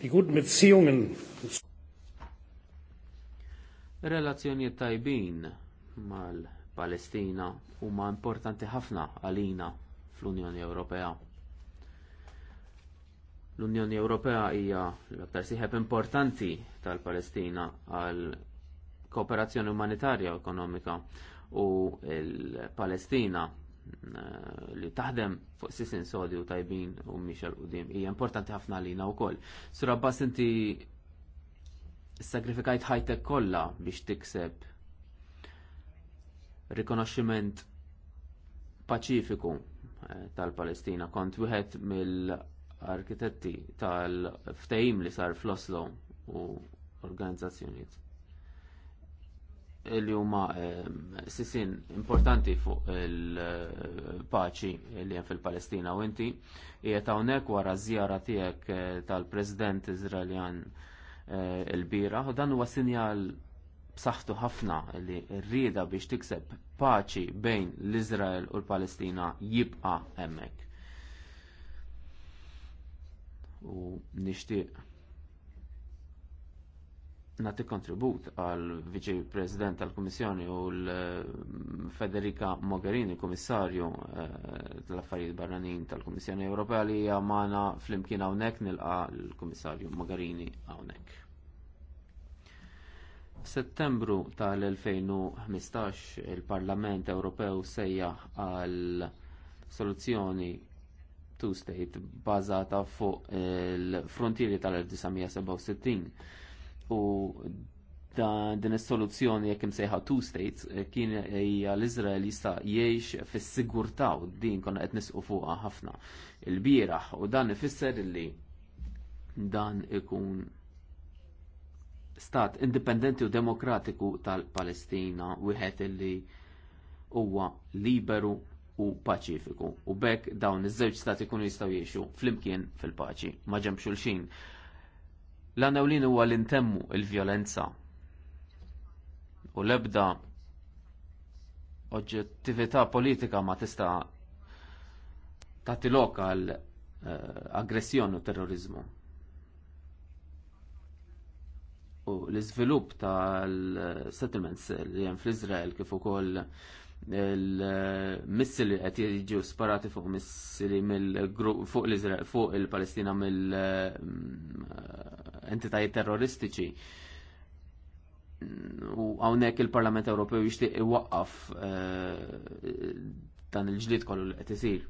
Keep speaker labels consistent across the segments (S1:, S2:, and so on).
S1: Die guten Beziehungen.
S2: Relazzjonijiet tajbin mal-Palestina huma importanti ħafna għalina fl-Unjoni Ewropea. L-Unjoni Ewropea hija l-aktar siħeb importanti tal-Palestina għal kooperazzjoni umanitarja u ekonomika u l-Palestina li taħdem fuq sisin sodi u tajbin u miexal u dim. Ija importanti ħafna na u koll. Sura bas inti sagrifikajt ħajtek kolla biex tikseb rikonoxximent paċifiku eh, tal-Palestina. Kont wieħed mill-arkitetti tal-ftejim li sar fl-Oslo u organizzazzjoniet li huma ehm, sisin importanti fuq il-paċi li hemm fil-Palestina u inti qiegħed hawnhekk wara żjara tiegħek eh, tal-President Iżraeljan eh, il-bira u dan huwa sinjal b'saħħtu ħafna li rrieda biex tikseb paċi bejn l-Iżrael u l-Palestina jibqa' hemmhekk. U nixtieq nati kontribut għal viċi President tal kummissjoni u l-Federica eh, Mogherini, Kummissarju eh, tal-Affarijiet Barranin tal kummissjoni Ewropea li hija magħna flimkien hawnhekk nilqa l-Kummissarju Mogherini hawnhekk. Settembru tal-2015 il-Parlament Ewropew sejjaħ għal soluzzjoni two-state bazata fuq il-frontieri tal-1967 u da din is-soluzzjoni jekk imsejħa two states eh, kien hija l-Iżrael jista' jgħix fis-sigurtà u din konna qed nisqu fuqha ħafna il-bieraħ u dan ifisser li dan ikun stat indipendenti u demokratiku tal-Palestina wieħed li huwa liberu u paċifiku u bekk dawn iż-żewġ stati jkunu jistgħu jgħixu flimkien fil-paċi ma ġemx xulxin. L-għanawlin huwa l-intemmu il-violenza u l-ebda oġġettività politika ma tista tagħti lok l eh, aggressjoni u terrorizmu. U l-iżvilupp tal-settlements li hemm fl-Iżrael kif ukoll il-missili qed jiġu sparati fuq missili mill fuq l-Izrael fuq il-Palestina mill entitajiet terroristiċi. U hawnhekk il-Parlament Ewropew jixtieq iwaqqaf eh, dan il ġlid kollu li qed isir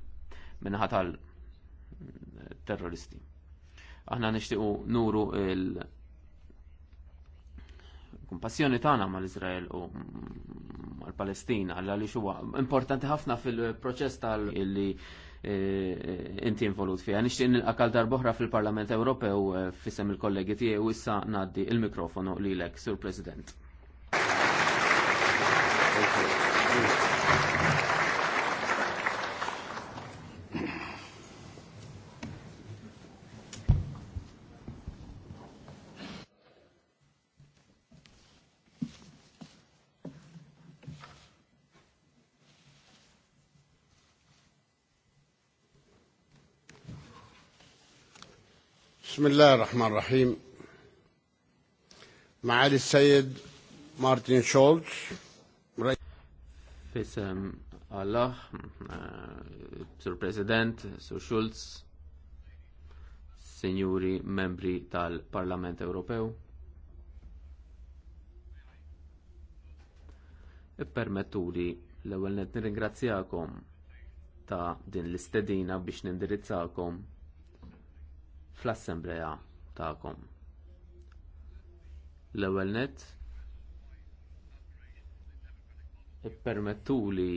S2: minnaħa terroristi Aħna nixtiequ nuru il- kumpassjoni tagħna mal-Iżrael u mal-Palestina għalli huwa importanti ħafna fil-proċess tal-li Eh, inti involut fija. Nixtieq nilqakal darboħra fil-Parlament Ewropew eh, fissem il-kollegi tiegħi u issa ngħaddi il-mikrofonu lilek, Sur President.
S1: بسم الله الرحمن الرحيم معالي السيد مارتن شولز
S2: Fisem الله Sur President, Sur Schulz, Signori membri tal-Parlament Ewropew. Ippermetturi l-ewwel nirringrazzjakom ta' din l-istedina biex nindirizzakom fl-assembleja tagħkom. L-ewwel nett ippermettuli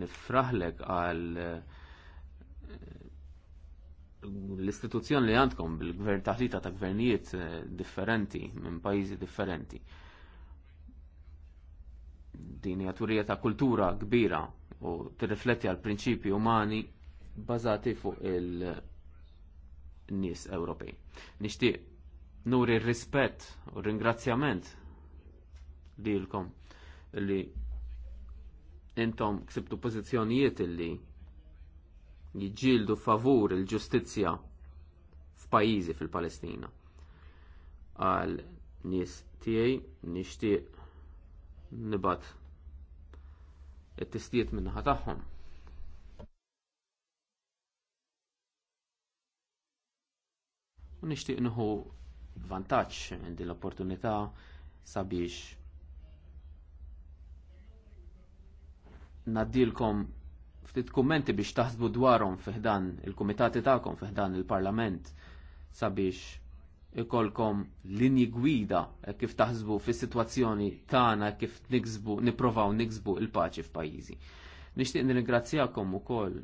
S2: nifraħlek għal eh, l-istituzzjoni li għandkom bil-gvern taħlita ta' gvernijiet eh, differenti minn pajjiżi differenti. Din hija turija ta' kultura kbira u tirrifletti għal prinċipji umani bazati fuq il-nies Ewropej. Nixtieq nuri r-rispett u ringrazzjament lilkom li intom ksibtu pożizzjonijiet li jiġġieldu favur il-ġustizzja f'pajjiżi fil-Palestina. Għal nies tiegħi nixtieq nibat it-tistiet minna tagħhom. nixtieq nħu vantaġġ minn din l-opportunità sabiex naddilkom ftit kummenti biex taħsbu dwarhom fiħdan il-kumitati tagħkom fiħdan il-Parlament sabiex ikolkom linji gwida kif taħsbu fis-sitwazzjoni tagħna kif niksbu nipprovaw niksbu il-paċi f'pajjiżi. Nixtieq nirringrazzjakom ukoll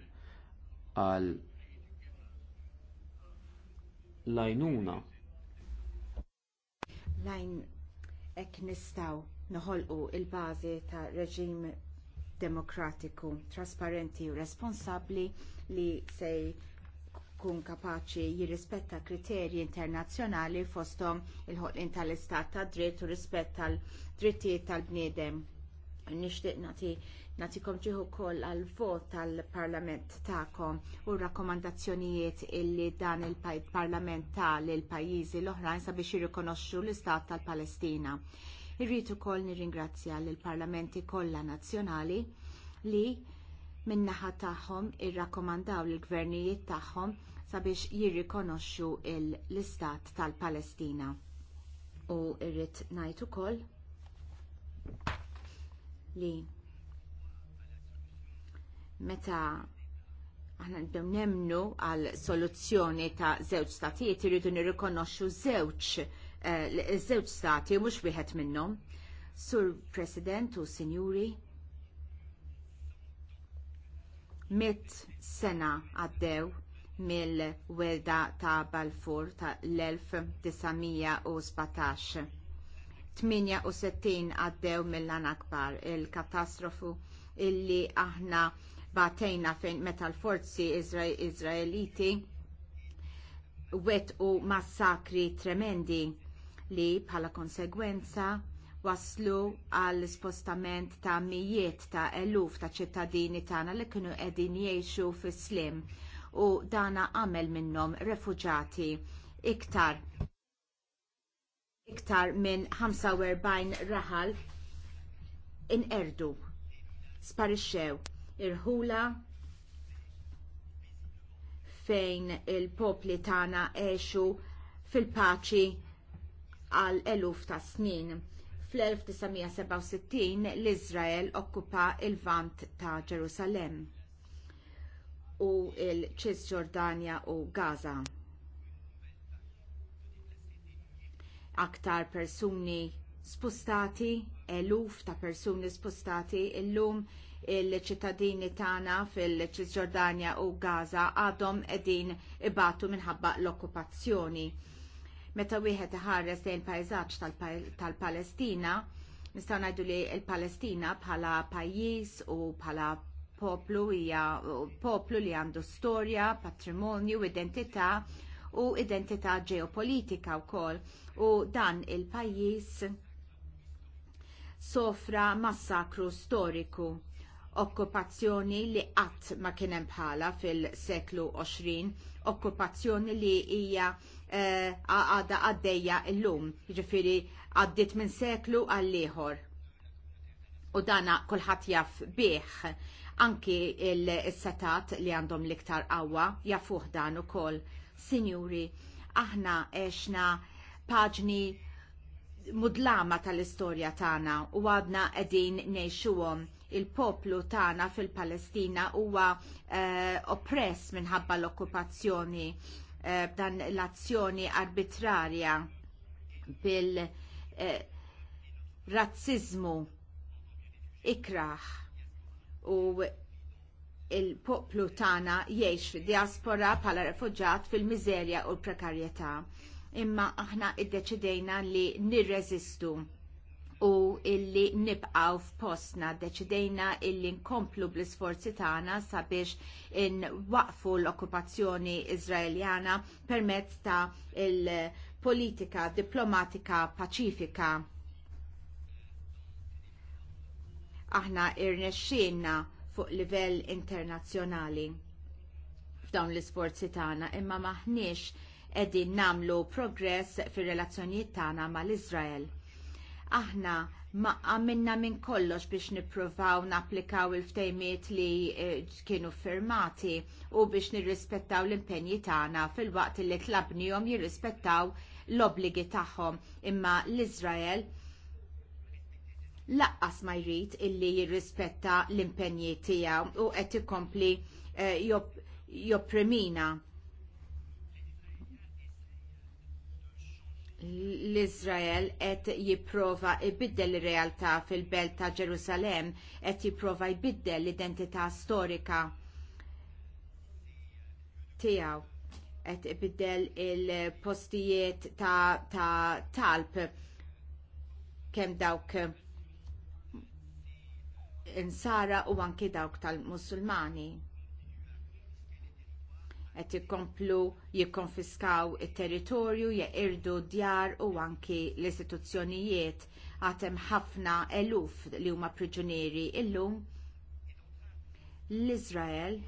S2: għal l-għajnuna.
S3: Lajn ek nistaw noħolqu il-bazi ta' reġim demokratiku, trasparenti u responsabbli li se jkun kapaċi jirrispetta kriterji internazzjonali fosthom il ħolqien tal-istat tad dritt u rispett tal-drittijiet tal-bniedem nixtieq nati nati ġieħu koll għal vot tal-parlament ta'kom u r rakkomandazzjonijiet illi dan il-parlament tal l pajjiżi l-oħrajn sabiex jirrikonoxxu l-istat tal-Palestina. Irrid ukoll nirringrazzja lill parlamenti kollha nazzjonali li min-naħa tagħhom irrakkomandaw lill gvernijiet tagħhom sabiex jirrikonoxxu l-istat tal-Palestina. U irrit ngħid ukoll li meta aħna ndew nemnu għal soluzzjoni ta' żewġ statijiet irridu nirrikonoxxu żewġ eh, żewġ stati mhux wieħed minnhom. Sur President u Sinjuri, mit sena għaddew mill-welda ta' Balfour tal-1917 68 għaddew mill-lan akbar il-katastrofu illi aħna batejna fejn meta l-forzi Izraeliti wet u massakri tremendi li bħala konsegwenza waslu għall spostament ta' mijiet ta' eluf ta' ċittadini tagħna li kienu qegħdin jgħixu fi slim u dana għamel minnhom refuġati iktar iktar minn 45 raħal inqerdu, sparixxew irħula fejn il-popli tagħna għexu fil-paċi għal eluf ta' snin. Fl-1967 l-Izrael okkupa il-vant ta' Ġerusalemm u l ċisġordania u Gaza aktar persuni spostati, eluf ta' persuni spostati illum il-ċittadini tagħna fil-Ċisġordania u Gaza għadhom qegħdin ibatu minħabba l-okkupazzjoni. Meta wieħed iħares lejn pajżaġġ tal-Palestina, nistgħu ngħidu li l-Palestina bħala pajjiż u bħala poplu hija poplu li għandu storja, patrimonju, identità u identità ġeopolitika wkoll u dan il-pajjiż sofra massakru storiku okkupazzjoni li qatt ma kien hemm bħala fil-seklu 20, okkupazzjoni li hija eh, għadha eh, għaddejja llum, jiġifieri għaddiet minn seklu għal ieħor. U dana kulħadd jaf bih anki il-setat li għandhom l-iktar qawwa jafuh dan ukoll Sinjuri, aħna eċna paġni mudlama tal-istorja tagħna u għadna qegħdin ngħixuhom il-poplu tagħna fil-Palestina huwa uh, oppress minħabba l-okkupazzjoni uh, eh, dan l-azzjoni arbitrarja bil-razzizmu eh, uh, ikraħ u il-poplu tagħna jgħix fid-diaspora bħala refuġat fil-miżerja u l-prekarjetà. Imma aħna iddeċidejna li nirreżistu u illi nibqgħu f'postna ddeċidejna illi nkomplu bl-isforzi tagħna sabiex nwaqfu l-okkupazzjoni Iżraeljana permezz ta' il-politika diplomatika paċifika. Aħna irnexxielna fuq livell internazzjonali f'dawn l-isforzi tagħna imma maħniex qegħdin nagħmlu progress fir-relazzjonijiet tagħna mal-Iżrael. Aħna ma għamilna minn kollox biex nippruvaw napplikaw il-ftejmiet li eh, kienu firmati u biex nirrispettaw l-impenji tagħna fil-waqt li tlabnihom jirrispettaw l obbligi tagħhom imma l-Iżrael laqqas ma jrid illi jirrispetta l-impenji tiegħu u qed ikompli eh, jopprimina l-Izrael qed jipprova jbiddel ir-realtà fil-belt ta' Ġerusalemm qed jipprova jbiddel l-identità storika tiegħu qed ibiddel il-postijiet ta', ta talb kemm dawk insara u anki dawk tal-Musulmani. Qed jikkomplu jikkonfiskaw it-territorju, jeqirdu djar u anki l-istituzzjonijiet għatem ħafna eluf li huma priġunieri illum l-Izrael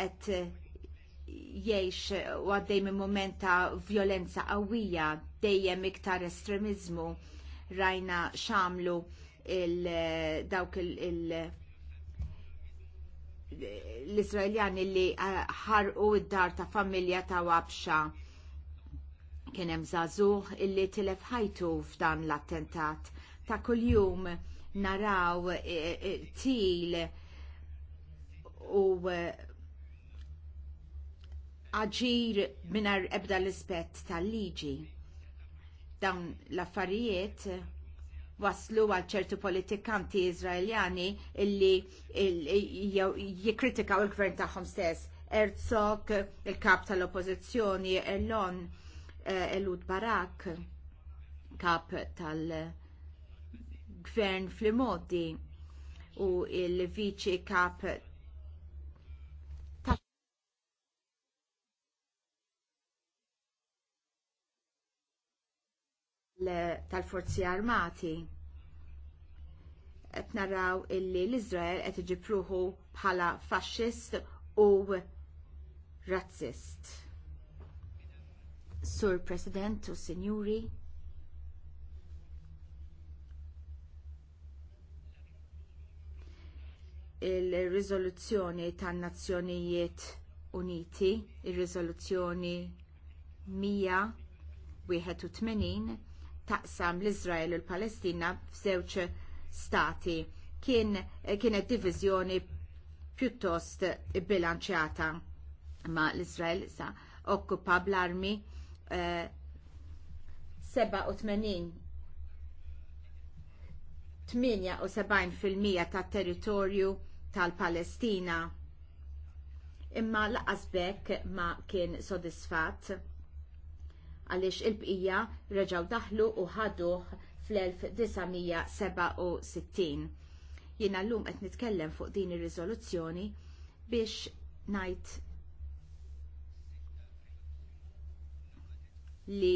S3: qed jgħix u għaddej minn mumenta ta' violenza qawwija dejjem iktar estremiżmu rajna xamlu il dawk il l-Izraeljani li eh, ħarqu id-dar ta' familja ta' wabxa kien hemm żagħżugħ illi tilef ħajtu f'dan l-attentat ta' kuljum naraw eh, eh, til u aġir minar ebda l ispet tal-liġi. Dawn l-affarijiet waslu għal ċertu politikanti Izraeljani illi jikritikaw il-gvern tagħhom stess. Erzog, il-kap tal-oppozizjoni, Elon, eh, Elud Barak, kap tal-gvern fl-modi u il vici kap tal-forzi armati. Qed naraw illi l-Izrael qed iġipruħu bħala faxxist u razzist. Sur President u Sinjuri, il-rizoluzzjoni tan-Nazzjonijiet Uniti, ir-riżoluzzjoni 181 taqsam l-Izrael u l-Palestina f'żewġ stati. Kien, kienet diviżjoni pjuttost bilanċjata ma l-Izrael sa okkupa bl-armi eh, 78% tat territorju tal-Palestina imma laqasbek ma kien sodisfatt għaliex il-bqija reġaw daħlu u ħaduh fl-1967. Jiena l-lum qed nitkellem fuq din ir-riżoluzzjoni biex ngħid li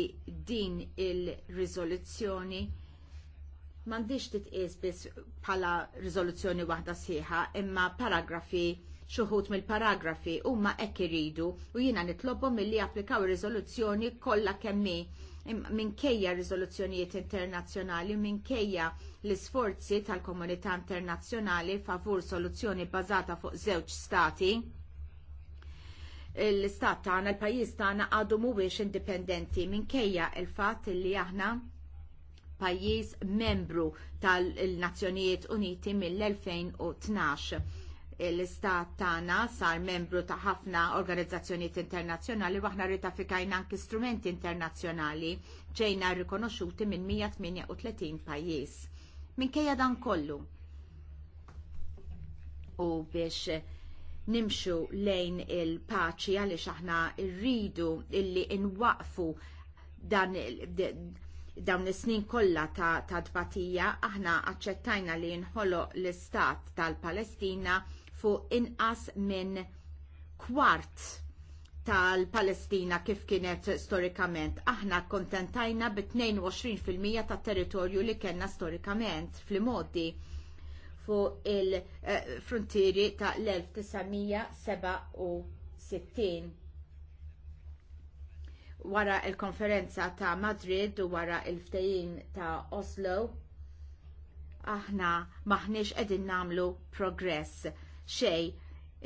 S3: din il-riżoluzzjoni m'għandix titqies biss bħala riżoluzzjoni waħda siħa imma paragrafi xuħut mill-paragrafi huma hekk iridu u jiena nitlobhom milli applikaw riżoluzzjoni kollha kemmi minkejja riżoluzzjonijiet internazzjonali minkejja l-isforzi tal-komunità internazzjonali favur soluzzjoni bażata fuq żewġ stati l-istat tagħna l-pajjiż tagħna għadu mhuwiex indipendenti minkejja l fatt li aħna pajjiż membru tal-Nazzjonijiet Uniti mill-2012 l-istat tagħna sar membru ta' ħafna organizzazzjonijiet internazzjonali u aħna tafikajna anki strumenti internazzjonali ġejna rikonoxxuti minn 138 pajjiż. Minkejja dan kollu. U biex nimxu lejn il-paċi għaliex aħna rridu illi inwaqfu dan dawn is-snin kollha ta', ta dbatija aħna aċċettajna li nħoloq l-istat tal-Palestina fuq inqas minn kwart tal-Palestina kif kienet storikament. Aħna kontentajna bi 22% tat territorju li kellna storikament fl-modi fuq il-frontieri eh, ta' l-1967 wara l konferenza ta' Madrid u wara l ftehim ta' Oslo aħna maħniex qegħdin nagħmlu progress xej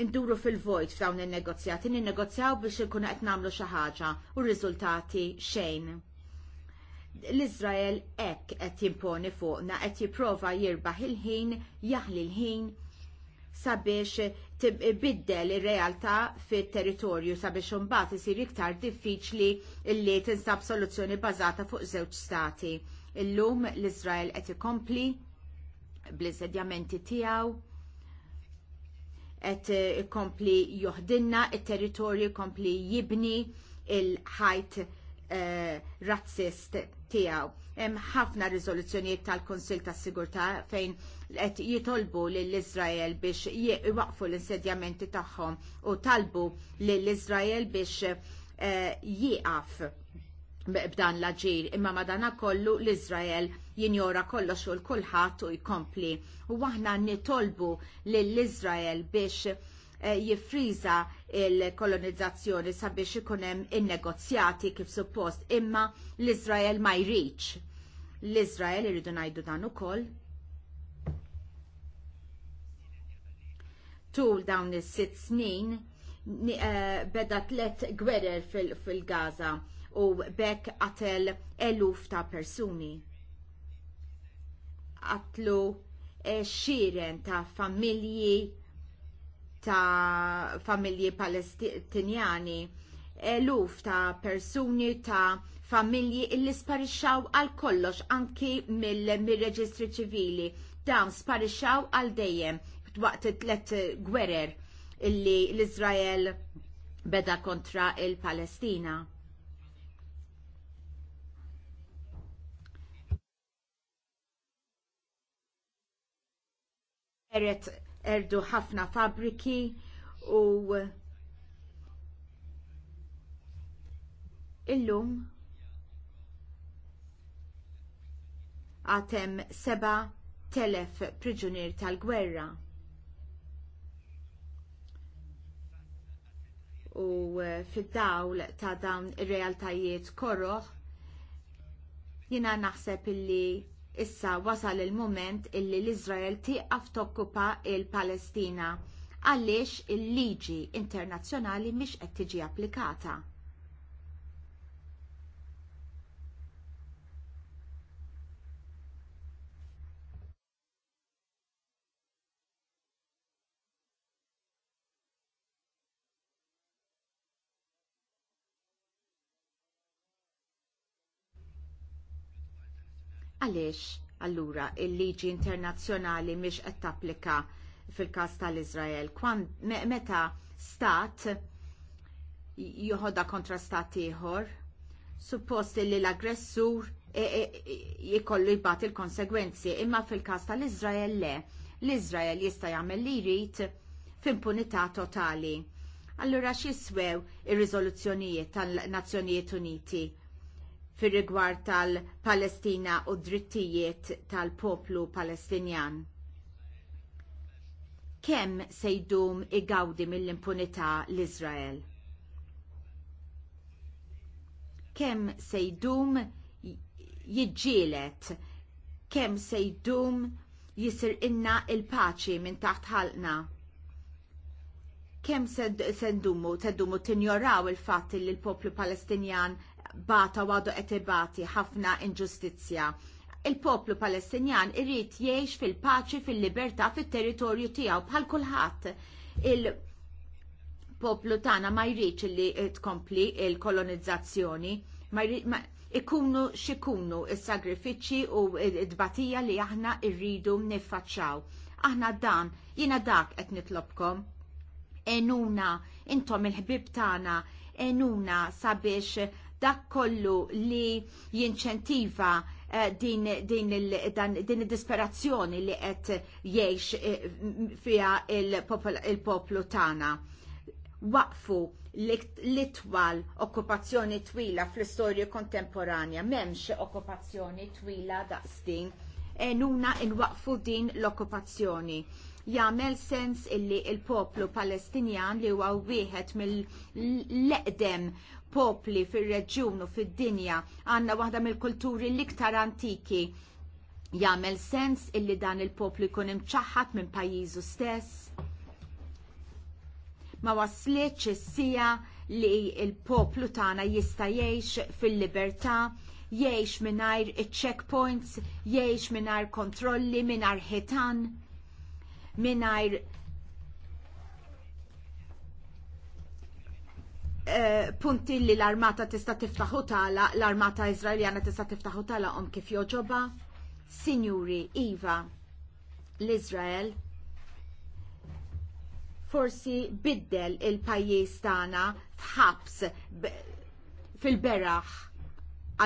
S3: induru fil-vojt f'dawn il-negozjati, ninnegozjaw biex inkunu qed nagħmlu xi ħaġa u r-riżultati xejn. L-Iżrael hekk qed jimponi fuqna qed jipprova jirbaħ il-ħin, jaħli l-ħin sabiex tibiddel ir-realtà fit-territorju sabiex imbagħad isir iktar diffiċli li tinsab soluzzjoni bażata fuq żewġ stati. Illum l-Iżrael qed ikompli bl-insedjamenti tiegħu qed kompli joħdinna il territorju kompli jibni il-ħajt uh, eh, razzist tiegħu. Hemm ħafna riżoluzzjonijiet tal-Kunsill tas-Sigurtà fejn qed jitolbu lill iżrael biex iwaqfu l-insedjamenti tagħhom u talbu lill iżrael biex uh, jieqaf b'dan l-aġir imma madana kollu l-Izrael jinjora kollox u l-kulħadd u jkompli. U aħna nitolbu lill-Iżrael biex eh, jiffriża il-kolonizzazzjoni sabiex ikun hemm in-negozjati kif suppost, imma l-Iżrael ma jridx. L-Iżrael irridu ngħidu dan ukoll tul dawn is sitt snin eh, beda tlet gwerer fil-Gaza u bekk qatel eluf ta' persuni qatlu eh, xiren ta' familji ta' familji palestinjani eluf ta' persuni ta' familji illi sparixxaw għal kollox anki mill-reġistri ċivili dawn sparixxaw għal dejjem waqt tlet gwerer illi l-Izrael beda kontra il-Palestina. eret erdu ħafna fabriki u illum għatem seba telef priġunier tal-gwerra. U eh, fid-dawl ta' dawn ir-realtajiet korroħ jina naħseb illi Issa wasal il mument illi l-Izrael tieqaf tokkupa l palestina għaliex il-liġi internazzjonali mhix qed tiġi applikata. Għaliex allura il-liġi internazzjonali mhix qed tapplika fil-każ tal-Iżrael meta stat joħodha kontra stat ieħor, suppost li l-aggressur e-, e-, jikollu jibgħat il-konsegwenzi, imma fil-każ tal-Iżrael le. L-Iżrael jista' jagħmel li jrid f'impunità totali. Allura x'iswew ir-riżoluzzjonijiet tan nazzjonijiet Uniti fir rigward tal-Palestina u drittijiet tal-poplu Palestinjan. Kemm se jdum igawdi mill-impunità l-Izrael? Kemm sejdum jidġilet? Kem Kemm jisir inna il-paċi minn taħt ħalqna? Kemm se ndumu, tinjoraw il-fatt li l-poplu Palestinjan bata għadu etibati ħafna inġustizja. Il-poplu palestinjan irrit jiex fil-paċi, fil-libertà, fil-territorju tijaw bħal kulħadd. Il-poplu tana ma jirrit li tkompli il-kolonizzazzjoni, ma ikunu xikunu il-sagrifiċi u id-batija li aħna irridu niffaċċaw. Aħna dan, jina dak qed nitlobkom. Enuna, intom il-ħbib tana, enuna sabiex dak kollu li jinċentiva eh, din, din, din disperazzjoni li qed jgħix eh, fiha il-poplu tagħna. Waqfu l-itwal okkupazzjoni twila fl-istorja kontemporanja, m'hemmx okkupazzjoni twila daqstin, enuna inwaqfu din l-okkupazzjoni Jamel sens illi il-poplu palestinjan li huwa wieħed mill-leqdem popli fir-reġjun u fid-dinja għandna waħda mill-kulturi l-iktar antiki. Jagħmel sens illi dan il-poplu jkun imċaħħat minn pajjiżu stess. Ma waslitx is-sija li il-poplu tagħna jista' jgħix fil-libertà, jgħix mingħajr checkpoints, jgħix mingħajr kontrolli, mingħajr ħitan, mingħajr Eh, punti li l-armata tista' tiftaħu tala, l-armata Izraeljana tista' tiftaħu tala om kif joġoba? Sinjuri, Iva, l-Izrael forsi biddel il-pajjiż tagħna f'ħabs fil-beraħ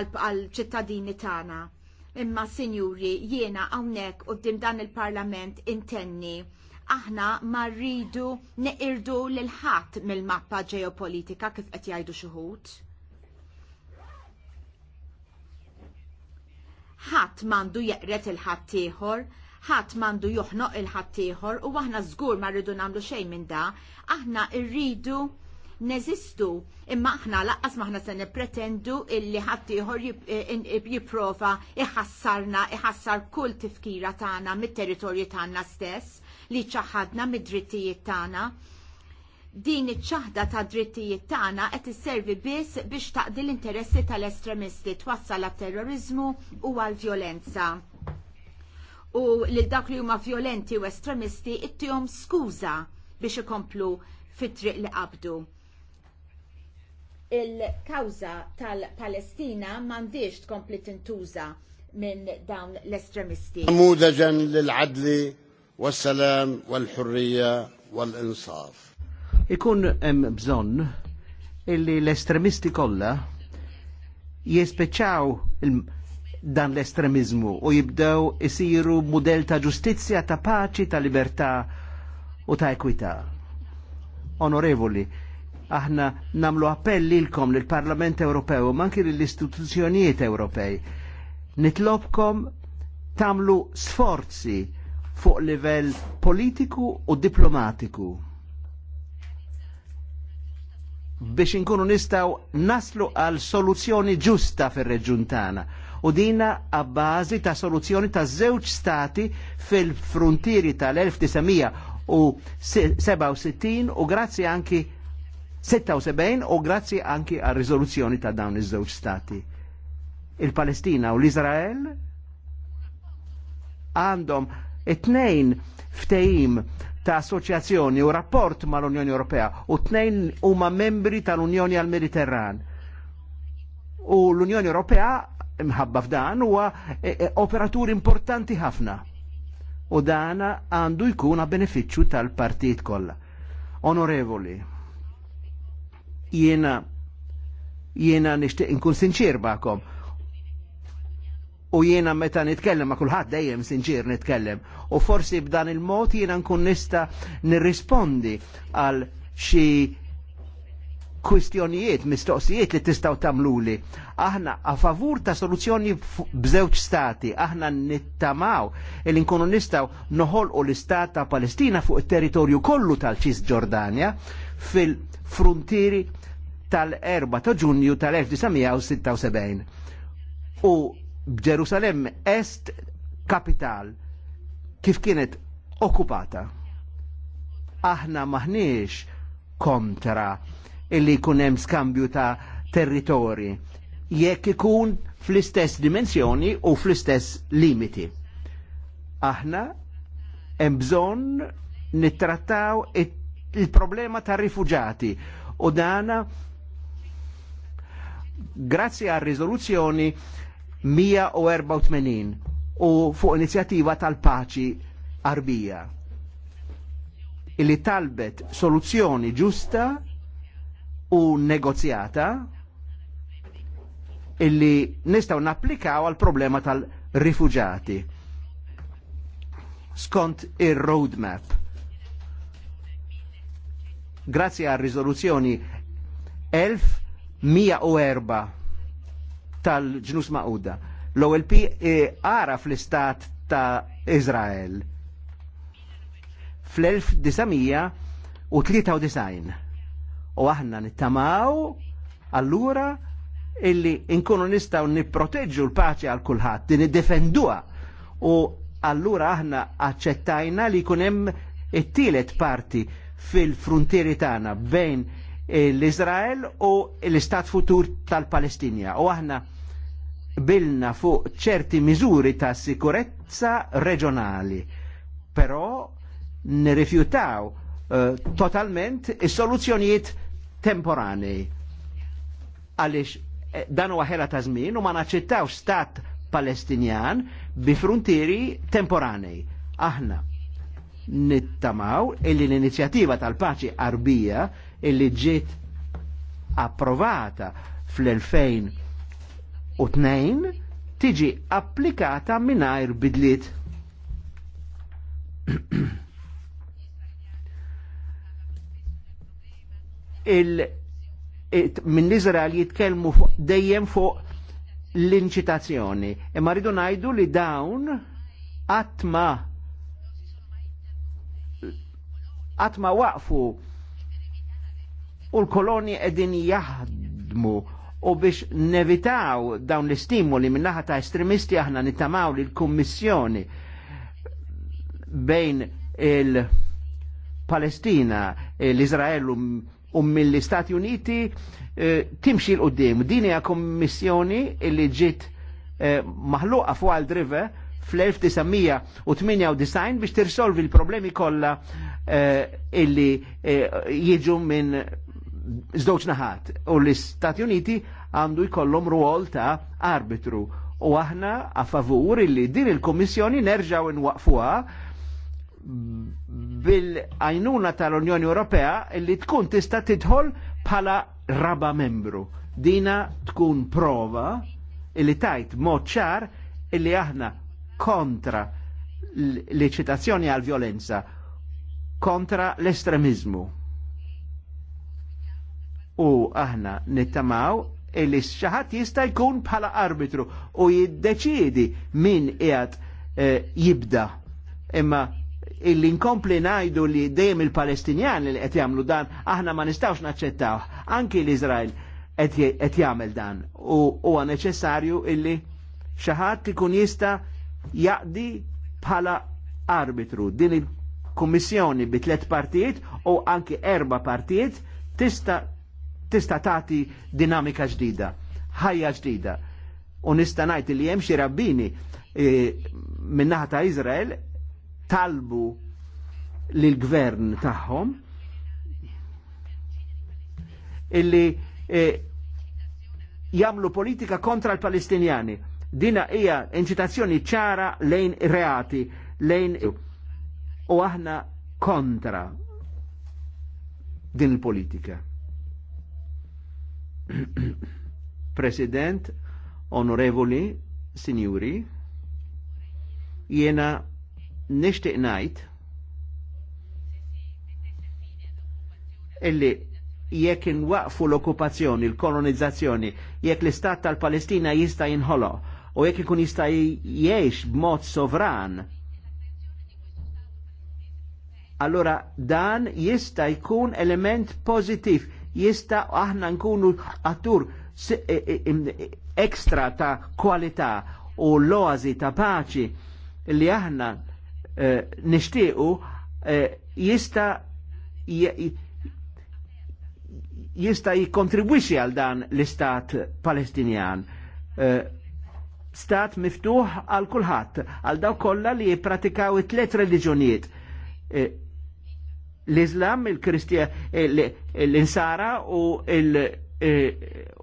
S3: għal ċittadini tagħna. Imma sinjuri, jiena hawnhekk quddiem dan il-Parlament intenni aħna ma rridu neqirdu lil ħadd mill-mappa ġeopolitika kif qed jgħidu xi ħut. ħadd m'għandu jeqret il-ħadd ieħor, ħadd m'għandu joħnoq il-ħadd ieħor u aħna żgur ma rridu nagħmlu xejn minn da, aħna rridu neżistu imma aħna laqqas maħna se nippretendu illi ħadd ieħor eh, eh, jipprova iħassarna iħassar kull tifkira tagħna mit-territorju tagħna stess li ċaħadna mid-drittijiet tagħna. Din iċ-ċaħda ta' drittijiet tagħna qed isservi biss biex taqdi l-interessi tal-estremisti twassal għat-terrorizmu u għal-vjolenza u li dak li huma violenti u estremisti ittihom skuża biex ikomplu fit-triq li qabdu il-kawza tal-Palestina mandiġ tkompli tintuża minn dawn l-estremisti.
S1: Namudaġan l-adli was-salam wal-ħurrija wal-insaf. Ikun hemm bżonn illi l-estremisti kollha jispeċċaw dan l-estremizmu u jibdew isiru mudell ta' ġustizzja, ta' paċi, ta' libertà u ta' ekwità. Onorevoli, aħna namlu appell lilkom lill-Parlament Ewropew u manki lill-istituzzjonijiet Ewropej. Nitlobkom tamlu sforzi fuq livell politiku u diplomatiku biex inkunu nistaw naslu għal soluzzjoni ġusta fir-reġjun tagħna u dina għabbażi ta' soluzzjoni ta' żewġ stati fil-frontieri tal-1967 u grazzi anki 76 u grazzi anki għal rizoluzzjoni ta' dawn iż-żewġ stati. Il-Palestina u l-Izrael għandhom it-tnejn ftehim ta' assoċjazzjoni u rapport mal-Unjoni Ewropea u tnejn huma membri tal-Unjoni għal-Mediterran. U l-Unjoni Ewropea imħabba f'dan huwa e, e, operatur importanti ħafna. U dan għandu jkun a beneficju tal-partit kollha. Onorevoli, Jiena jiena nixtieq nkun sinċir ba'kom. U jiena meta nitkellem ma' kulħadd dejjem sinċir nitkellem. U forsi b'dan il-mod jiena nkun nista' nirrispondi għal xi kwistjonijiet, mistoqsijiet li tistaw tamluli. Aħna a favur ta' soluzzjoni b'żewġ stati, aħna nittamaw il nkunu nistaw noħolqu l-istat ta' Palestina fuq it-territorju kollu tal-ċis Ġordania fil-frontieri tal-4 ta' ġunju tal-1976. U Ġerusalemme est kapital kif kienet okupata. Aħna maħniex kontra illi kunem skambju ta' territori jekk ikun fl-istess dimensjoni u fl-istess limiti. Aħna hemm bżonn nittrattaw it il-problema ta' rifugjati u dana grazzi għal rizoluzzjoni 184 u fuq inizjattiva tal-paċi arbija illi talbet soluzzjoni ġusta u negozjata illi nistaw napplikaw għal problema tal-rifugjati skont il roadmap grazzi għal riżoluzzjoni 1104 tal-ġnus Mauda. L-OLP għara eh, e, fl-istat ta' Izrael fl-1993 u aħna nittamaw allura illi inkunu nistaw nipproteġu l-paċi għal kulħadd, din id defenduha u allura aħna aċċettajna li kunem it-tielet parti fil-frontieri tagħna bejn eh, l-Izrael u l-Istat Futur tal-Palestinja. U aħna bilna fuq ċerti miżuri ta' sikurezza reġjonali, però nirrifjutaw eh, totalment is-soluzzjonijiet temporanej. Għaliex eh, dan huwa ħela ta' żmien u ma naċċettaw stat Palestinjan bi frontieri temporanej. Aħna nittamaw illi l-inizjattiva tal-paċi arbija illi ġiet approvata fl-2002 tiġi applikata mingħajr bidliet. minn l-Izrael jitkellmu dejjem fuq l-inċitazzjoni. Imma rridu ngħidu li dawn qatt ma' għatma waqfu u l-koloni edin jaħdmu u biex nevitaw dawn l-istimuli minnaħa ta' estremisti aħna nittamaw li l kommissjoni bejn il-Palestina, l-Izrael u mill-Istati Uniti eh, timxi l-qoddim. Din hija kommissjoni li ġiet eh, maħluqa fuq għal drive fl-1998 biex tirsolvi l-problemi kollha eh, illi eh, jiġu minn żewġ naħat u l-Istati Uniti għandu jkollhom ruol ta' arbitru u aħna a favur illi din il-Kommissjoni nerġaw nwaqfuha bil-għajnuna tal-Unjoni Ewropea illi tkun tista' tidħol bħala raba membru. Dina tkun prova illi tajt moċċar ċar illi aħna kontra l-eċitazzjoni għal violenza kontra l-estremizmu. U aħna nittamaw illi xaħat jista jkun bħala arbitru u jiddeċidi min jgħat e, eh, jibda. Imma illi nkompli najdu li dejjem il-Palestinjani li qed jagħmlu dan aħna ma nistgħux naċċettaw. Anki l-Iżrael qed jagħmel dan u huwa neċessarju illi ħadd ikun jista' jaqdi bħala arbitru. Din il-kommissjoni bi tlet partijiet u anki erba partijiet tista tista tati dinamika ġdida, ħajja ġdida. U nista ngħid li hemm xi rabbini e, minnaħa ta' Izrael talbu lil gvern tagħhom illi e, jamlu politika kontra l-Palestinjani Dina hija incitazzjoni ċara lejn reati, lejn u aħna kontra din il-politika. President, onorevoli, sinjuri, jena nishtiq najt illi jekk inwaqfu l-okkupazzjoni, l-kolonizzazzjoni, jekk l-istat tal-Palestina jista' jinħoloq u jekk ikun jista' jgħix b'mod sovran. Allora dan jista' jkun element pożittiv, jista' aħna nkunu attur ekstra e- e- e- ta' kwalità u l-oazi ta' paċi li aħna eh, nixtiequ eh, jista' jista' jikkontribwixxi għal dan l-istat Palestinjan. Eh, stat miftuħ għal kulħadd, għal daw kollha li jippratikaw it-tliet reliġjonijiet. E, L-Islam, il-Kristja, e, l-Insara e,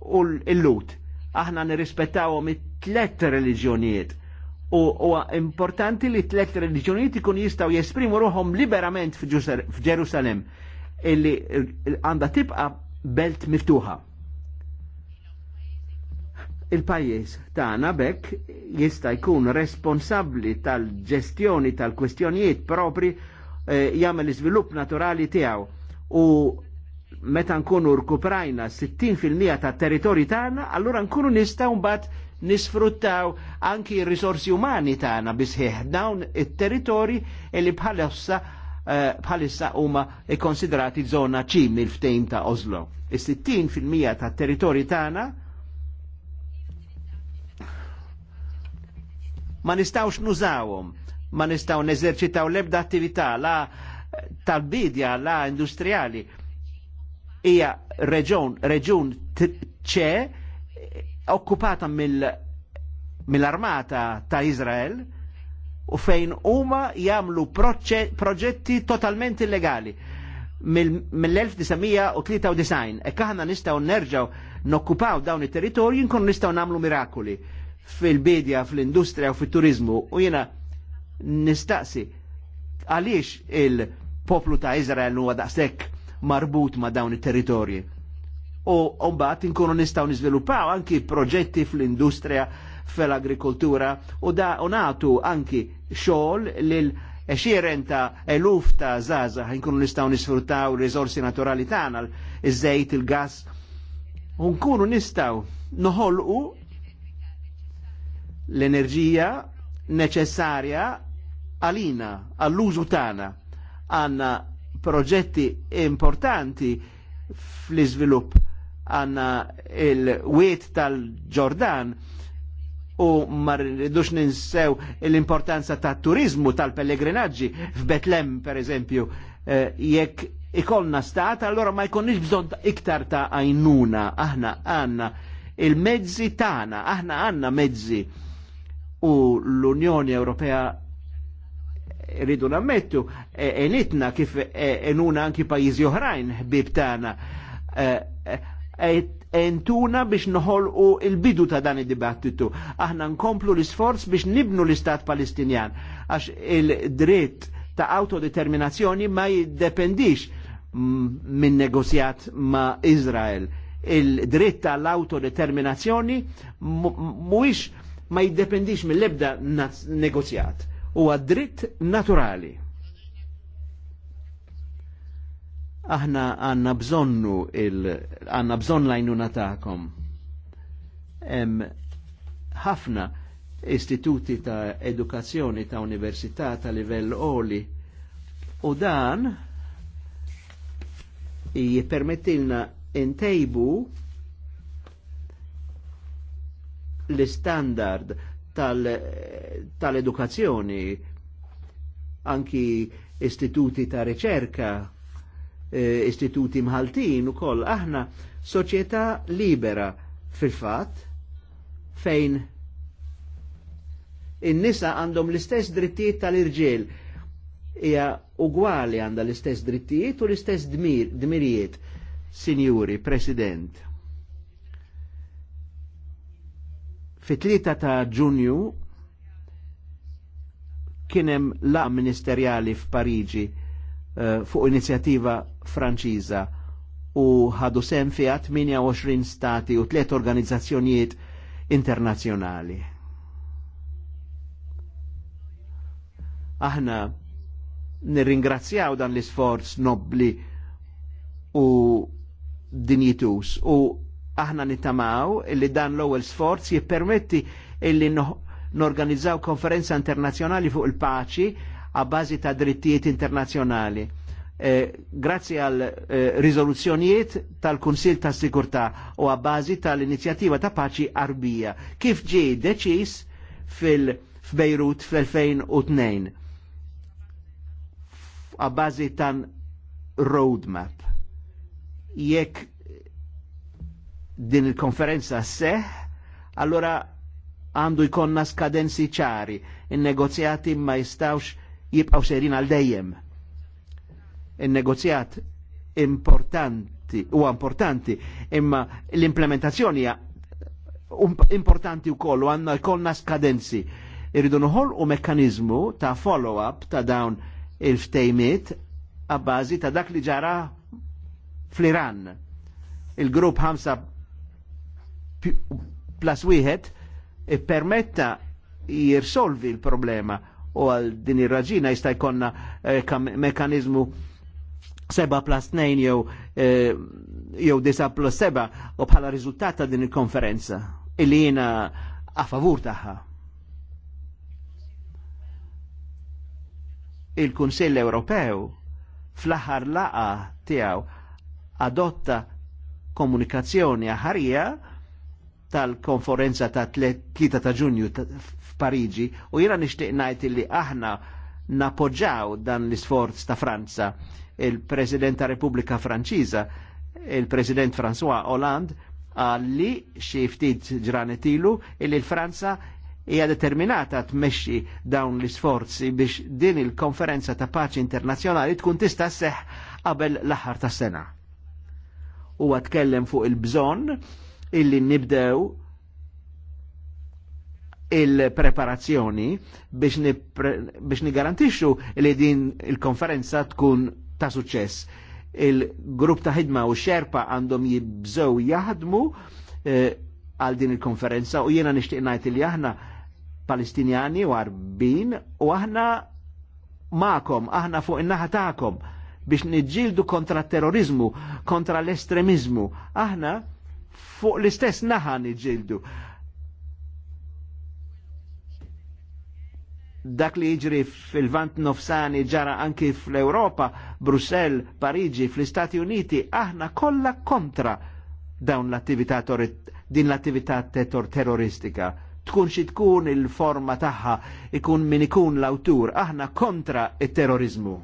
S1: u l-Lut. Aħna nirrispettawhom it-tliet reliġjonijiet. U importanti li t-tliet reliġjonijiet ikun jistgħu jesprimu ruhom liberament f'Ġerusalem illi għandha tibqa' belt miftuħa il-pajis tagħna bekk jista' jkun responsabbli tal-ġestjoni tal-kwestjonijiet propri eh, jagħmel iżvilupp naturali tiegħu u meta nkunu rkuprajna 60% ta' territorju tagħna, allura nkunu nistgħu mbagħad nisfruttaw anki r-risorsi umani tagħna bisħieħ dawn it-territorji li bħalissa eh, bħalissa huma ikkonsidrati żona ċim il-ftejm ta' Oslo. Is-60% ta' territorji tagħna ma nistawx nużawhom, ma nistaw neżerċitaw l-ebda attività la tal-bidja la industrijali. Ija reġun, reġun ċe okkupata mill-armata mil ta' Izrael u fejn huma jagħmlu proġetti totalment illegali mill-1993 e kaħna nistaw nerġaw nokkupaw dawn it-territorji nkun nistaw namlu mirakuli fil-bidja, fil-industrija u fil-turizmu u jena nistaqsi għaliex il-poplu ta' Izrael huwa daqshekk marbut ma' dawn it-territorji. U mbagħad inkunu nistgħu niżviluppaw anki proġetti fl-industrija, fl-agrikoltura u da u nagħtu anki xogħol lil xieren ta' eluf ta' zaza ħinkunu nistaw nisfruttaw risorsi naturali tagħna, iż-żejt, il-gas. Unkunu nistaw noħolqu l-enerġija neċessarja għalina, għall-użu tagħna. Għanna proġetti importanti fl-iżvilupp għanna il-wiet tal-ġordan u ma rridux ninsew l-importanza ta' turizmu tal-pellegrinaġġi f'Betlem per eżempju eh, jekk ikolna stat allora ma jkunniex bżonn iktar ta' għajnuna aħna għanna il-mezzi tagħna aħna għanna mezzi, tana, aħna għanna mezzi u l-Unjoni Ewropea rridu nammettu e, enitna kif e, enuna anki pajizi oħrajn ħbib tagħna e, entuna biex noħol u il-bidu ta' dan id-dibattitu. Aħna nkomplu l-isforz biex nibnu l-istat palestinjan, għax il-dritt ta' autodeterminazzjoni ma jiddependix minn negozjat ma' Izrael. Il-dritt tal autodeterminazzjoni mhuwiex ma jiddependix mill-ebda negozjat. Huwa dritt naturali. Aħna għanna bżonnu il għanna bżonn lajnuna ta'kom. ħafna istituti ta' edukazzjoni ta' università ta' livell oli u dan jippermettilna intejbu l-standard tal-edukazzjoni, tal anki istituti ta' ricerka, eh, istituti mħaltin u koll, aħna soċieta libera fil-fat fejn in-nisa għandhom l-istess drittijiet tal-irġiel hija ugwali għandha l-istess drittijiet u l-istess dmir, dmirijiet. Sinjuri, President, Fit-3 ta' ġunju kienem la ministerjali f'Pariġi uh, fuq inizjattiva Franċiża u ħadu sem fiha 28 stati u tliet organizzazzjonijiet internazzjonali. Aħna nirringrazzjaw dan l-isforz nobli u dinjitus u Aħna nitamaw li dan l-ewwel sforz jippermetti illi norganizzaw konferenza internazzjonali fuq il-paċi għabbażi ta' drittijiet internazzjonali. Eh, grazzi għal eh, rizoluzzjonijiet tal-Kunsil ta' Sikurta u għabbażi tal-inizjattiva ta' paċi arbija. Kif ġi deċis fil- f'Bejrut fl-2002 għabbażi tan roadmap. Jekk din il-konferenza seħ, allora għandu jkonna skadenzi ċari, il-negozjati ma jistawx jibqaw serin għal dejjem. Il-negozjat importanti, u importanti, imma l-implementazzjoni um- importanti u kollu għanna jkonna skadenzi. Irridu nħol u mekkanizmu ta' follow-up ta' dawn il ftejmit għabbażi ta' dak li ġara fl-Iran. Il-grupp plus wieħed e permetta jirsolvi l-problema u għal din ir-raġina jista' jkollna e, mekanizmu 7 plus 2 jew e, jew 9 plus 7 u bħala riżultat ta' din il-konferenza illi jiena a favur tagħha. Il-Kunsill Ewropew fl-aħħar laqa tiegħu adotta komunikazzjoni aħarija tal-konferenza ta' 3 ta' ġunju f'Pariġi u jiena nixtieq ngħid li aħna napoġġaw dan l-isforz ta' Franza. Il-President ta' Repubblika Franċiża, il-President François Hollande, għalli xi ftit ġranet ilu illi l-Franza hija determinata tmexxi dawn l-isforzi biex din il-konferenza ta' paċi internazzjonali tkun tista' seħ qabel l-aħħar tas-sena. Huwa tkellem fuq il-bżonn illi nibdew il-preparazzjoni biex, biex nigarantixxu li din il-konferenza tkun ta' suċċess. Il-grupp ta' ħidma u xerpa għandhom jibżew jaħdmu eh, għal eh, din il-konferenza u jiena nixtieq ngħid li aħna Palestinjani u Arbin u aħna ma'kom, aħna fuq in-naħa tagħkom biex niġġieldu kontra terrorizmu, kontra l-estremizmu. Aħna fuq l-istess naħan iġildu. Dak li jiġri fil-vant nofsani ġara anki fl-Europa, Brussel, Parigi, fl-Istati Uniti, aħna kollha kontra dawn l-attività din l-attività terroristika. Tkun xi tkun il-forma tagħha, ikun min ikun l-awtur, aħna kontra it-terrorizmu.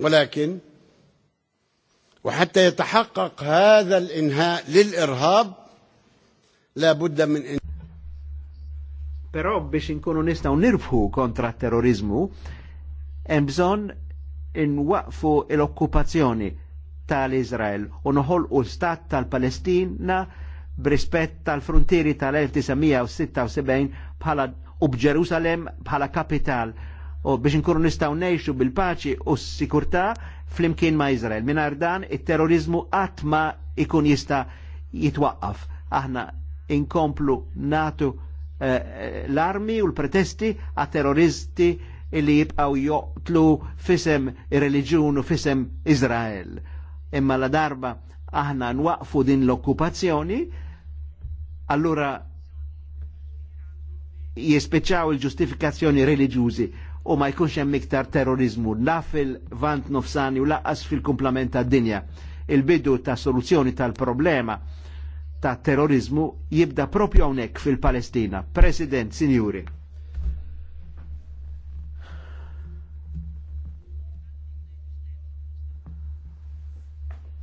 S1: ولكن وحتى يتحقق هذا الانهاء للارهاب لا بد من إن... Però biex inkunu nistaw nirbħu kontra terrorizmu, hemm bżonn inwaqfu l-okkupazzjoni tal-Izrael u noħolqu stat tal-Palestina b'rispett tal-frontieri tal-1976 bħala u b'Ġerusalem bħala kapital u biex nkunu nistaw nejxu bil-paċi u s-sikurta flimkien ma' Izrael. Minar dan, il-terrorizmu għatma ikun jista jitwaqqaf. Aħna inkomplu natu eh, eh, l-armi u l-pretesti għat terroristi illi jibqaw joqtlu fisem il-reliġun u fisem Izrael. Imma la darba aħna nwaqfu din l-okkupazzjoni, allura jispeċaw il-ġustifikazzjoni reliġuzi u ma jkunx hemm iktar terrorizmu la fil-vant nofsani u laqqas fil-kumplament tad-dinja. Il-bidu ta' soluzzjoni tal-problema ta' terrorizmu jibda propju hawnhekk fil-Palestina. President, sinjuri.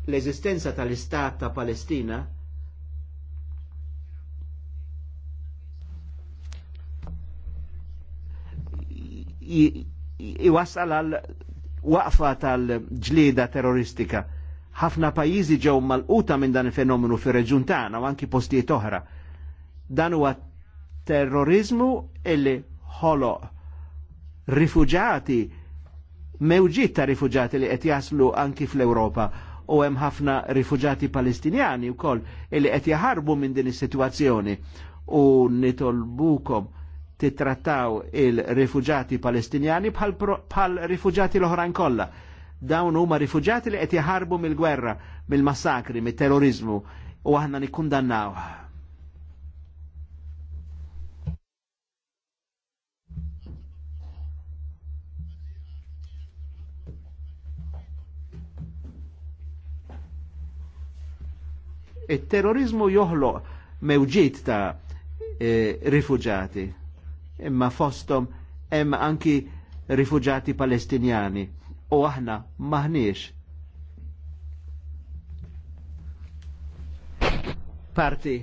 S1: L-eżistenza tal-Istat ta' Palestina jwassal għal waqfa tal-ġlieda terroristika. Ħafna pajjiżi ġew mal-quta minn dan il-fenomenu fir reġun tagħna u anki postijiet oħra. Dan huwa terrorizmu illi ħoloq rifuġati mewġiet ta' rifuġati li qed jaslu anki fl-Ewropa u hemm ħafna rifuġati Palestinjani wkoll illi qed jaħarbu minn din is-sitwazzjoni u nitolbukom titrattaw il-rifugjati palestinjani bħal rifugjati l-oħrajn kollha. Dawn huma rifugjati li qed jaħarbu mill-gwerra, mill-massakri, mill-terrorizmu u aħna nikkundannaw. Il-terrorizmu joħloq mewġiet ta' eh, rifugjati imma fostom hemm anki rifugjati palestinjani u aħna maħniex parti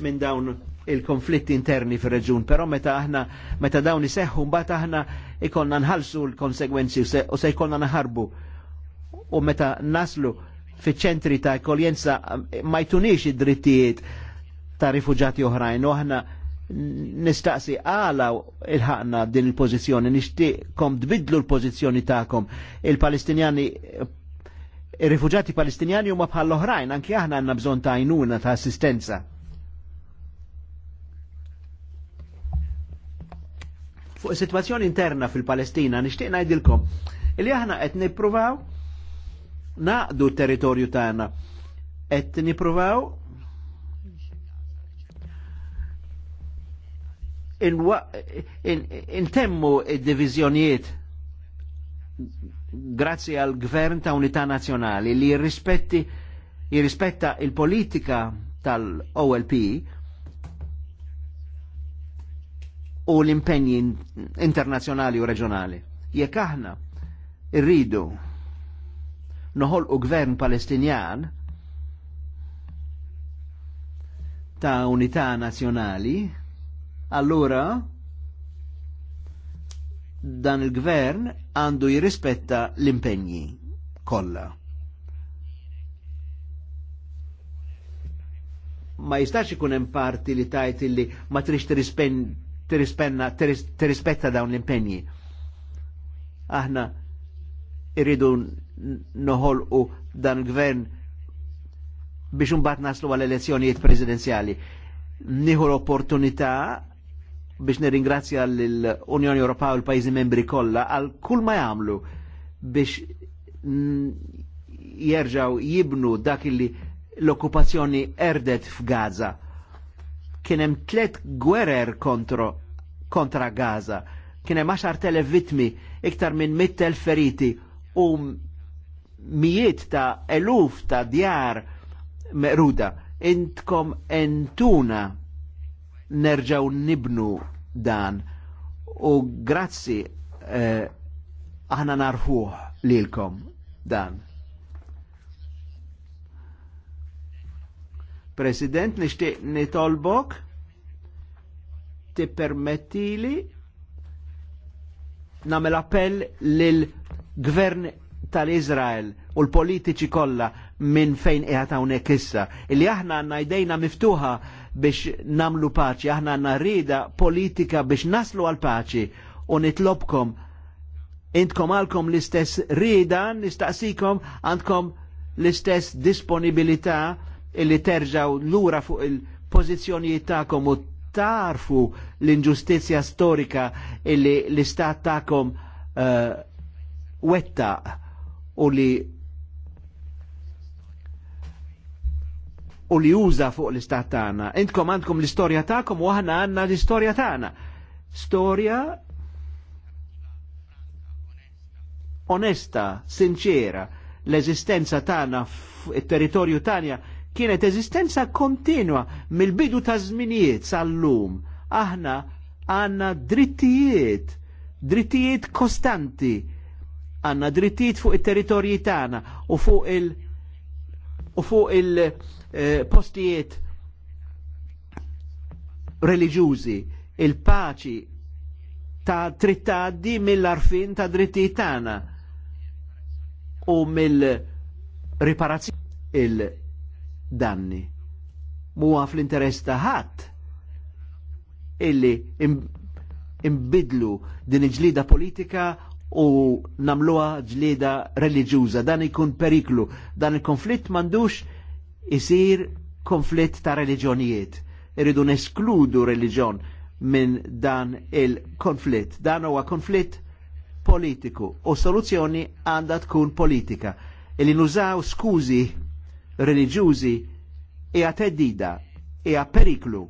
S1: minn dawn il-konflitti interni fir reġun però meta aħna meta dawn iseħħu mbagħad aħna ikonna nħallsu l-konsegwenzi u se jkollna naħarbu u meta naslu fiċ-ċentri ta' ekoljenza ma jtunix id-drittijiet ta' rifuġati oħrajn u aħna nistaqsi għala il-ħakna din il-pozizjoni, nishtiqkom tbidlu l-pozizjoni ta'kom. Il-Palestinjani, il-rifugġati palestinjani huma l oħrajn, anki aħna għanna bżon ta' għajnuna ta' assistenza. Fuq situazzjoni interna fil-Palestina, nishtiq najdilkom, li aħna qed nippruvaw naqdu t-territorju tagħna, qed nippruvaw intemmu il divizjonijiet grazzi għal gvern ta' unità nazjonali li jirrispetti jirrispetta il-politika tal-OLP u l impegni internazjonali u reġjonali. Jekk aħna irridu noħolqu gvern palestinjan ta' unità nazjonali, allura dan il-gvern għandu jirrispetta l-impegni kollha. Ma jistax ikun hemm parti li tajt li ma trix tirrispenna tirrispetta dawn l-impegni. Aħna irridu noħolqu dan il-gvern biex imbagħad naslu għall elezzjonijiet presidenziali. Nieħu l-opportunità biex nirringrazzja l-Unjoni Ewropea u l-pajjiżi membri kollha għal kull ma jagħmlu biex jerġaw jibnu dak li l-okkupazzjoni erdet f'Gaza. Kien hemm tliet gwerer kontro kontra Gaza. Kien hemm 10,000 vittmi, iktar minn 100,000 feriti u mijiet ta' eluf ta' djar meruda. Intkom entuna nerġaw nibnu dan u grazzi eh, aħna narfuħ lilkom dan. President, nishtiq nitolbok ti permettili namel appell lil gvern tal-Izrael u l-politiċi kollha minn fejn qiegħed hawnhekk issa. Illi aħna għandna jdejna miftuħa biex namlu paċi, aħna għandna rida politika biex naslu għal paċi u nitlobkom intkom għalkom l-istess rida, nistaqsikom għandkom l-istess disponibilità illi terġaw lura fuq il-pożizzjonijiet tagħkom u tarfu l-inġustizja storika illi l-istat tagħkom uh, wetta u li u li juża fuq l-istat tagħna. Intkom għandkom l-istorja tagħkom u aħna għandna l-istorja tagħna. Storja onesta, sinċera, l-eżistenza tagħna fit-territorju tagħna kienet eżistenza kontinwa mill-bidu ta' żminijiet sal-lum. Aħna għandna drittijiet, drittijiet kostanti, għanna drittijiet fuq it-territorji tagħna u fuq il- u fuq il- Eh, postijiet reliġjużi, il-paċi ta' trittaddi mill-arfin ta' dritti tana u mill-riparazzjoni il-danni. Muwa fl-interess ta' ħadd illi imbidlu din il-ġlida politika u namluha ġlida reliġjuża. Dan ikun periklu. Dan il-konflitt mandux isir konflitt ta' reliġjonijiet. Irridu neskludu reliġjon minn dan il-konflitt. Dan huwa konflitt politiku u soluzzjoni għandha tkun politika. Illi nużaw skużi reliġjużi hija teddida, hija periklu.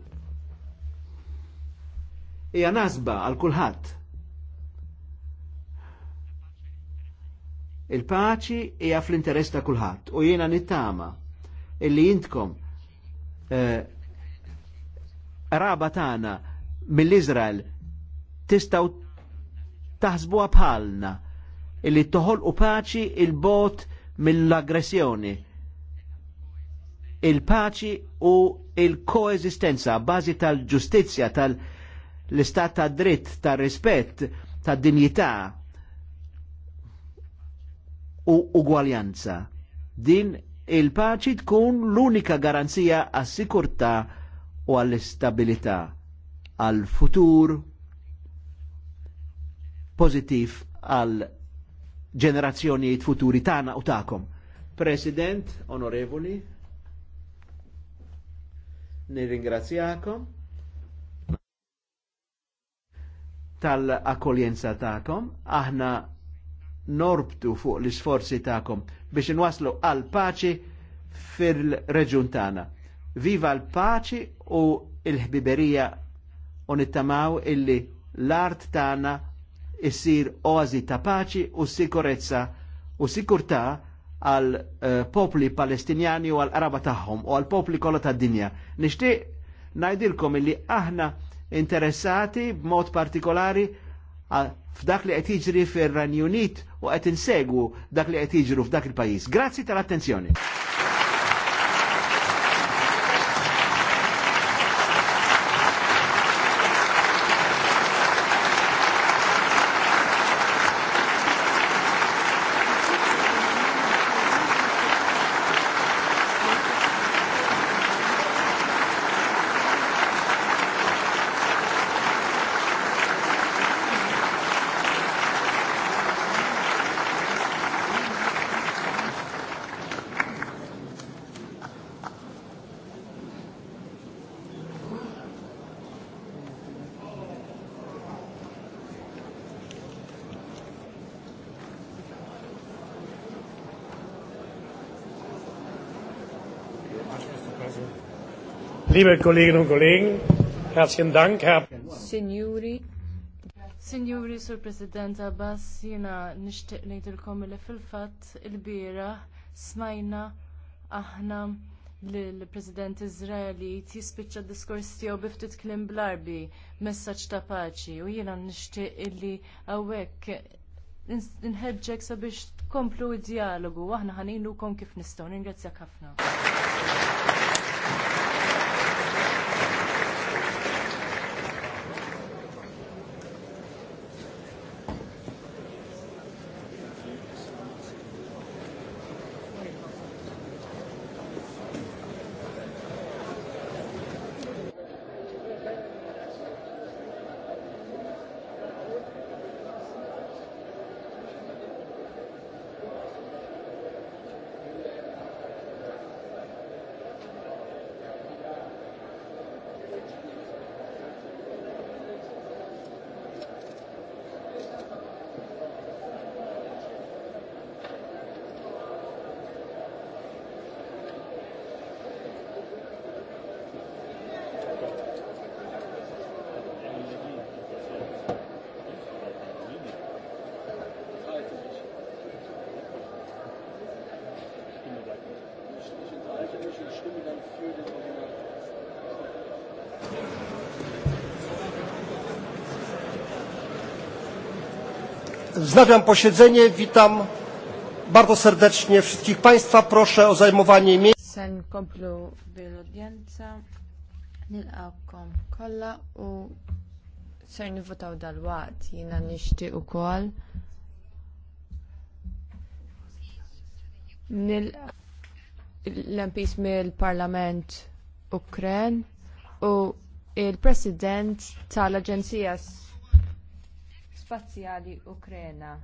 S1: Hija nasba għal kulħadd. Il-paċi hija fl-interess ta' kulħadd u jiena nittama' illi jintkom eh, raba tagħna mill-Izrael tistaw taħsbuha bħalna illi toħolqu paċi il-bot mill-aggressjoni. Il-paċi u il-koeżistenza bażi tal-ġustizzja, tal-istat ta' dritt, tal-rispett, tad-dinjità u ugwaljanza. Din il-paċi tkun l-unika garanzija għas sikurtà u għall-istabilità għal futur pozitif għal ġenerazzjonijiet futuri tagħna u tagħkom. President, onorevoli, nirringrazzjakom tal-akkoljenza tagħkom. Aħna norbtu fuq l-isforzi ta'kom biex inwaslu għal paċi fil-reġun tana. Viva l-paċi u l-ħbiberija u nittamaw illi l-art tana issir oazi ta' paċi u sikurezza u sikurtà għal eh, popli palestinjani u għal araba tagħhom u għal popli kollha tad-dinja. Nixtieq ngħidilkom illi aħna interessati b'mod partikolari f'dak li qed jiġri fir ranjunit Unit u qed insegwu dak li qed jiġru f'dak il-pajjiż. Grazzi tal-attenzjoni.
S3: Liebe Kolleginnen
S2: und Kollegen, herzlichen Dank, Herr
S3: Signori. Signori, Sir President Abbas, jina nishtiq nejdilkom li fil-fat il-bira smajna aħna li l-President Izraeli tispicċa diskors tiegħu biftit klim bl-arbi messaġġ ta' paċi u jiena nishtiq li għawek nħedġek sabiex komplu d-dialogu aħna ħaninu kom kif nistaw, Ningrazzjak ħafna.
S1: Wznawiam posiedzenie. Witam bardzo serdecznie wszystkich Państwa. Proszę o zajmowanie miejsc.
S3: l-MPs mill-Parlament Ukren u il-President tal-Aġenzija spazjali ukraina